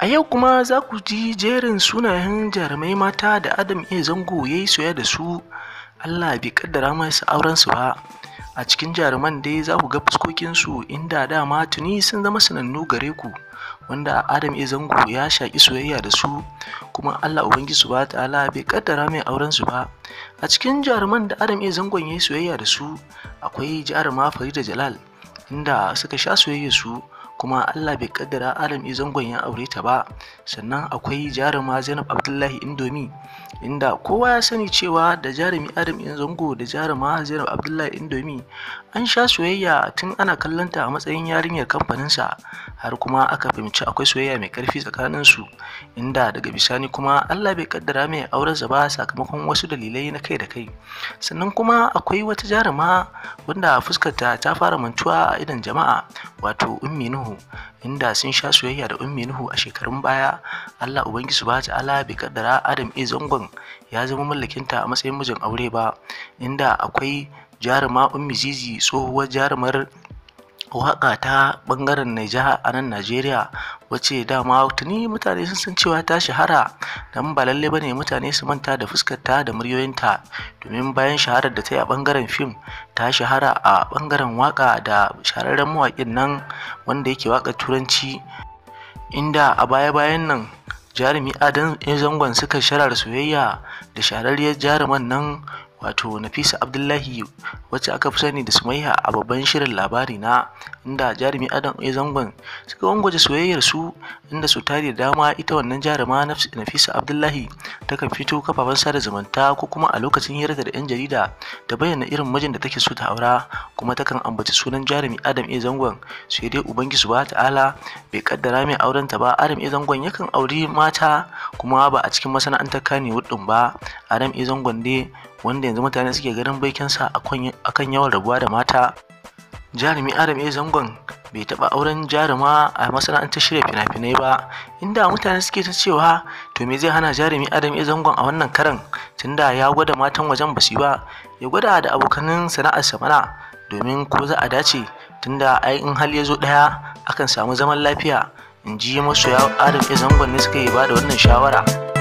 A yau kuma za ku ji jerin sunayen jarumai mata da Adam iya zango ya yi soya da su, Allah bai kaddara auren aurensu ba. A cikin jaruman dai za ku ga fuskokinsu inda dama tuni sun zama sanannu gare ku, wanda Adam iya zango ya shaƙi soyayya da su, kuma Allah Ubangiji ba ta ta'ala bai kaddara mai aurensu ba. A cikin jaruman da Adam iya zangon ya yi soyayya da su, akwai jaruma Farida Jalal, inda suka sha soyayya su. kuma Allah bai kaddara Adam ya zangon ya aure ta ba sannan akwai jaruma Zainab Abdullahi Indomi inda kowa ya sani cewa da jarumi Adam ya zango da jaruma Zainab Abdullahi Indomi an sha soyayya tun ana kallonta a matsayin yarinyar kamfaninsa har kuma aka fahimci akwai soyayya mai karfi tsakanin su inda daga bisani kuma Allah bai kaddara mai aurensa ba sakamakon wasu dalilai na kai da kai sannan kuma akwai wata jaruma wanda fuskarta ta fara mantuwa a idan jama'a wato ummi nuhu Nuhu inda sun sha soyayya da ummi Nuhu a shekarun baya Allah ubangi subhanahu ta'ala bai kaddara Adam E. zangon ya zama mallakinta a matsayin mijin aure ba inda akwai jaruma ummi Zizi tsohuwar jarumar waƙa ta ɓangaren Naija a nan Najeriya wace dama tuni mutane sun san cewa ta shahara don ba lalle ba ne mutane su manta da fuskar ta da muryoyinta domin bayan shaharar da ta yi a ɓangaren fim ta shahara a ɓangaren waƙa da shahararren mawaƙin nan wanda yake waƙa turanci inda a baya-bayan nan jarumi adan zangon suka sharar soyayya da shahararriyar jaruman nan wato Nafisa Abdullahi wacce aka fi sani da Sumayya a babban shirin labari na inda jarumi Adam A zangon suka wangwaje soyayyar su inda su tare da dama ita wannan jaruma Nafisa Abdullahi ta kan fito kafafen sada zumunta ko kuma a lokacin hirarta da 'yan jarida ta bayyana irin mijin da take so ta aura kuma takan ambaci sunan jarumi Adam A zangon sai dai Ubangiji ba ta'ala bai kaddara mai auren ta ba Adam A zangon yakan auri mata kuma ba a cikin masana'antar Kannywood din ba Adam A zangon dai. wanda yanzu mutane suke ganin baikinsa akan yawan rabuwa da mata jarumi adam a zangon bai taba auren jaruma a masana'antar shirya fina-finai ba inda mutane suke ta cewa to me zai hana jarumi adam a zangon a wannan karan tunda ya gwada matan wajen basu ba ya gwada da abokanin sana'ar mana domin ko za a dace tunda ai in hal ya zo ɗaya akan samu zaman lafiya in ji masoya adam a zangon ne suka yi ba da wannan shawara